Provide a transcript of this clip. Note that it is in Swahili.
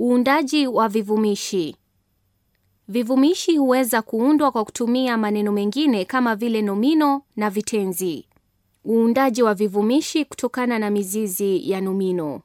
Uundaji wa vivumishi. Vivumishi huweza kuundwa kwa kutumia maneno mengine kama vile nomino na vitenzi. Uundaji wa vivumishi kutokana na mizizi ya nomino.